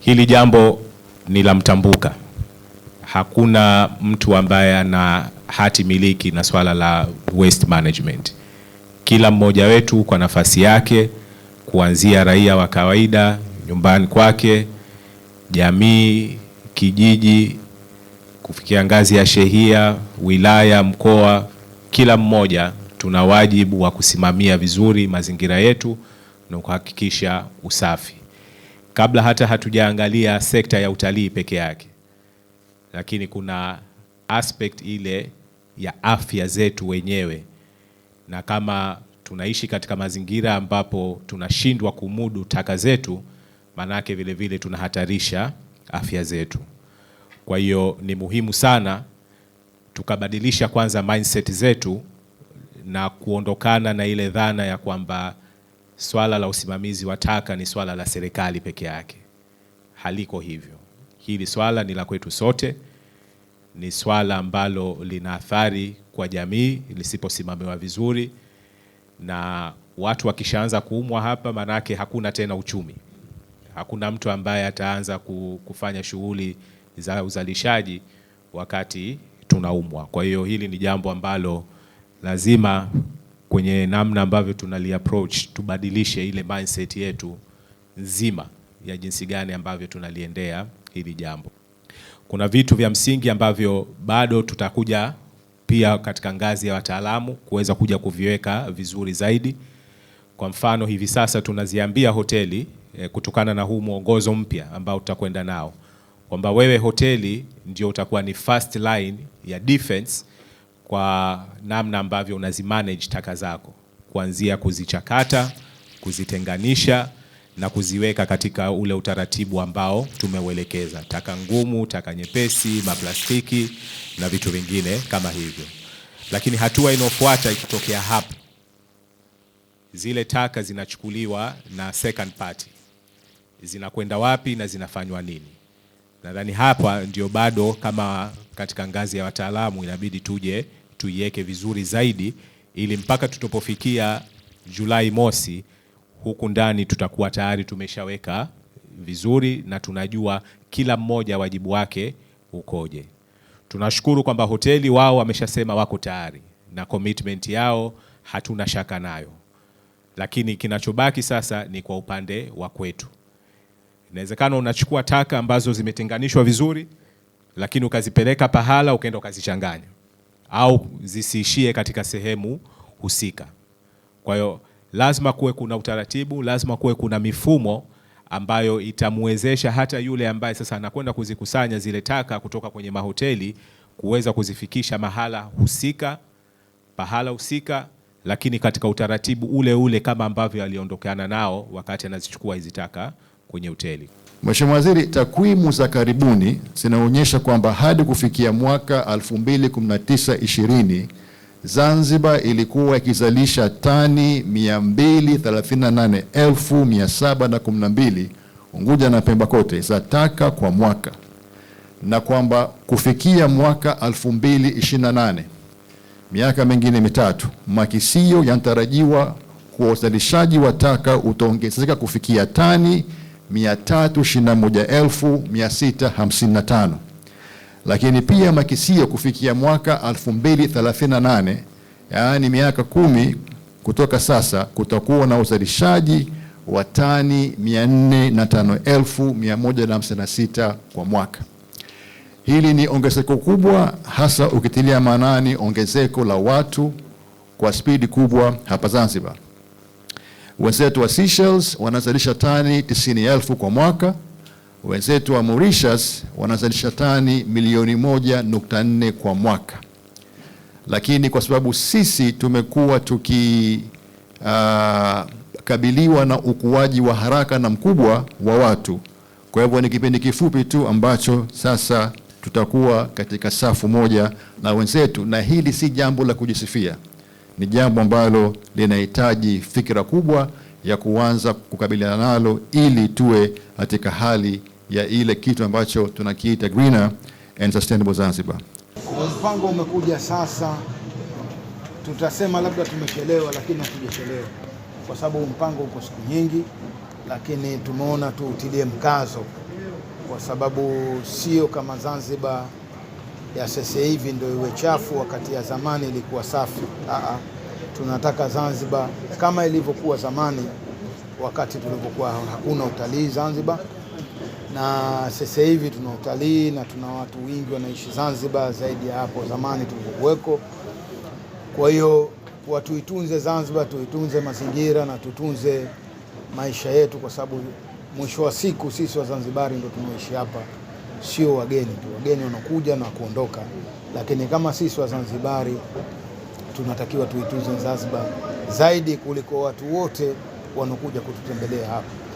Hili jambo ni la mtambuka. Hakuna mtu ambaye ana hati miliki na swala la waste management. Kila mmoja wetu kwa nafasi yake, kuanzia raia wa kawaida nyumbani kwake, jamii, kijiji, kufikia ngazi ya shehia, wilaya, mkoa, kila mmoja tuna wajibu wa kusimamia vizuri mazingira yetu na kuhakikisha usafi kabla hata hatujaangalia sekta ya utalii peke yake, lakini kuna aspect ile ya afya zetu wenyewe, na kama tunaishi katika mazingira ambapo tunashindwa kumudu taka zetu, manake vile vile tunahatarisha afya zetu. Kwa hiyo ni muhimu sana tukabadilisha kwanza mindset zetu na kuondokana na ile dhana ya kwamba swala la usimamizi wa taka ni swala la serikali peke yake, haliko hivyo. Hili swala ni la kwetu sote, ni swala ambalo lina athari kwa jamii lisiposimamiwa vizuri, na watu wakishaanza kuumwa hapa, maanake hakuna tena uchumi, hakuna mtu ambaye ataanza kufanya shughuli za uzalishaji wakati tunaumwa. Kwa hiyo hili ni jambo ambalo lazima kwenye namna ambavyo tunaliapproach, tubadilishe ile mindset yetu nzima ya jinsi gani ambavyo tunaliendea hili jambo. Kuna vitu vya msingi ambavyo bado tutakuja pia katika ngazi ya wataalamu kuweza kuja kuviweka vizuri zaidi. Kwa mfano, hivi sasa tunaziambia hoteli e, kutokana na huu mwongozo mpya ambao tutakwenda nao kwamba wewe hoteli ndio utakuwa ni first line ya defense kwa namna ambavyo unazimanage taka zako, kuanzia kuzichakata, kuzitenganisha na kuziweka katika ule utaratibu ambao tumeuelekeza: taka ngumu, taka nyepesi, maplastiki na vitu vingine kama hivyo. Lakini hatua inayofuata ikitokea hapo, zile taka zinachukuliwa na second party, zinakwenda wapi na zinafanywa nini? Nadhani hapa ndio bado kama katika ngazi ya wataalamu inabidi tuje tuiweke vizuri zaidi, ili mpaka tutapofikia Julai mosi huku ndani tutakuwa tayari tumeshaweka vizuri na tunajua kila mmoja wajibu wake ukoje. Tunashukuru kwamba hoteli wao wameshasema wako tayari na commitment yao hatuna shaka nayo, lakini kinachobaki sasa ni kwa upande wa kwetu. Inawezekana unachukua taka ambazo zimetenganishwa vizuri, lakini ukazipeleka pahala ukaenda ukazichanganya au zisiishie katika sehemu husika. Kwa hiyo lazima kuwe kuna utaratibu, lazima kuwe kuna mifumo ambayo itamwezesha hata yule ambaye sasa anakwenda kuzikusanya zile taka kutoka kwenye mahoteli kuweza kuzifikisha mahala husika, pahala husika, lakini katika utaratibu ule ule kama ambavyo aliondokana nao wakati anazichukua hizi taka kwenye hoteli. Mheshimiwa Waziri, takwimu za karibuni zinaonyesha kwamba hadi kufikia mwaka 2019 20 Zanzibar ilikuwa ikizalisha tani 238,712 Unguja na Pemba kote za taka kwa mwaka, na kwamba kufikia mwaka 2028, miaka mingine mitatu, makisio yanatarajiwa kuwa uzalishaji wa taka utaongezeka kufikia tani 321,655 lakini pia makisio kufikia mwaka 2038 yaani miaka kumi kutoka sasa, kutakuwa na uzalishaji wa tani 45156 kwa mwaka. Hili ni ongezeko kubwa, hasa ukitilia maanani ongezeko la watu kwa spidi kubwa hapa Zanzibar. Wenzetu wa Seychelles wanazalisha tani tisini elfu kwa mwaka. Wenzetu wa Mauritius wanazalisha tani milioni moja nukta nne kwa mwaka, lakini kwa sababu sisi tumekuwa tukikabiliwa ah, uh, na ukuaji wa haraka na mkubwa wa watu, kwa hivyo ni kipindi kifupi tu ambacho sasa tutakuwa katika safu moja na wenzetu, na hili si jambo la kujisifia ni jambo ambalo linahitaji fikra kubwa ya kuanza kukabiliana nalo ili tuwe katika hali ya ile kitu ambacho tunakiita greener and sustainable Zanzibar. Mpango umekuja sasa, tutasema labda tumechelewa, lakini hatujachelewa kwa sababu mpango uko siku nyingi, lakini tumeona tuutilie mkazo kwa sababu sio kama Zanzibar ya sasa hivi ndio iwe chafu wakati ya zamani ilikuwa safi. Aa, tunataka Zanzibar kama ilivyokuwa zamani wakati tulivyokuwa hakuna utalii Zanzibar, na sasa hivi tuna utalii na tuna watu wengi wanaishi Zanzibar zaidi ya hapo zamani tulivyokuweko. Kwa hiyo watuitunze Zanzibar, tuitunze mazingira na tutunze maisha yetu, kwa sababu mwisho wa siku sisi Wazanzibari ndio tunaishi hapa sio wageni tu. Wageni wanakuja na kuondoka, lakini kama sisi Wazanzibari tunatakiwa tuitunze Zanzibar zaidi kuliko watu wote wanaokuja kututembelea hapa.